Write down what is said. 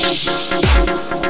Música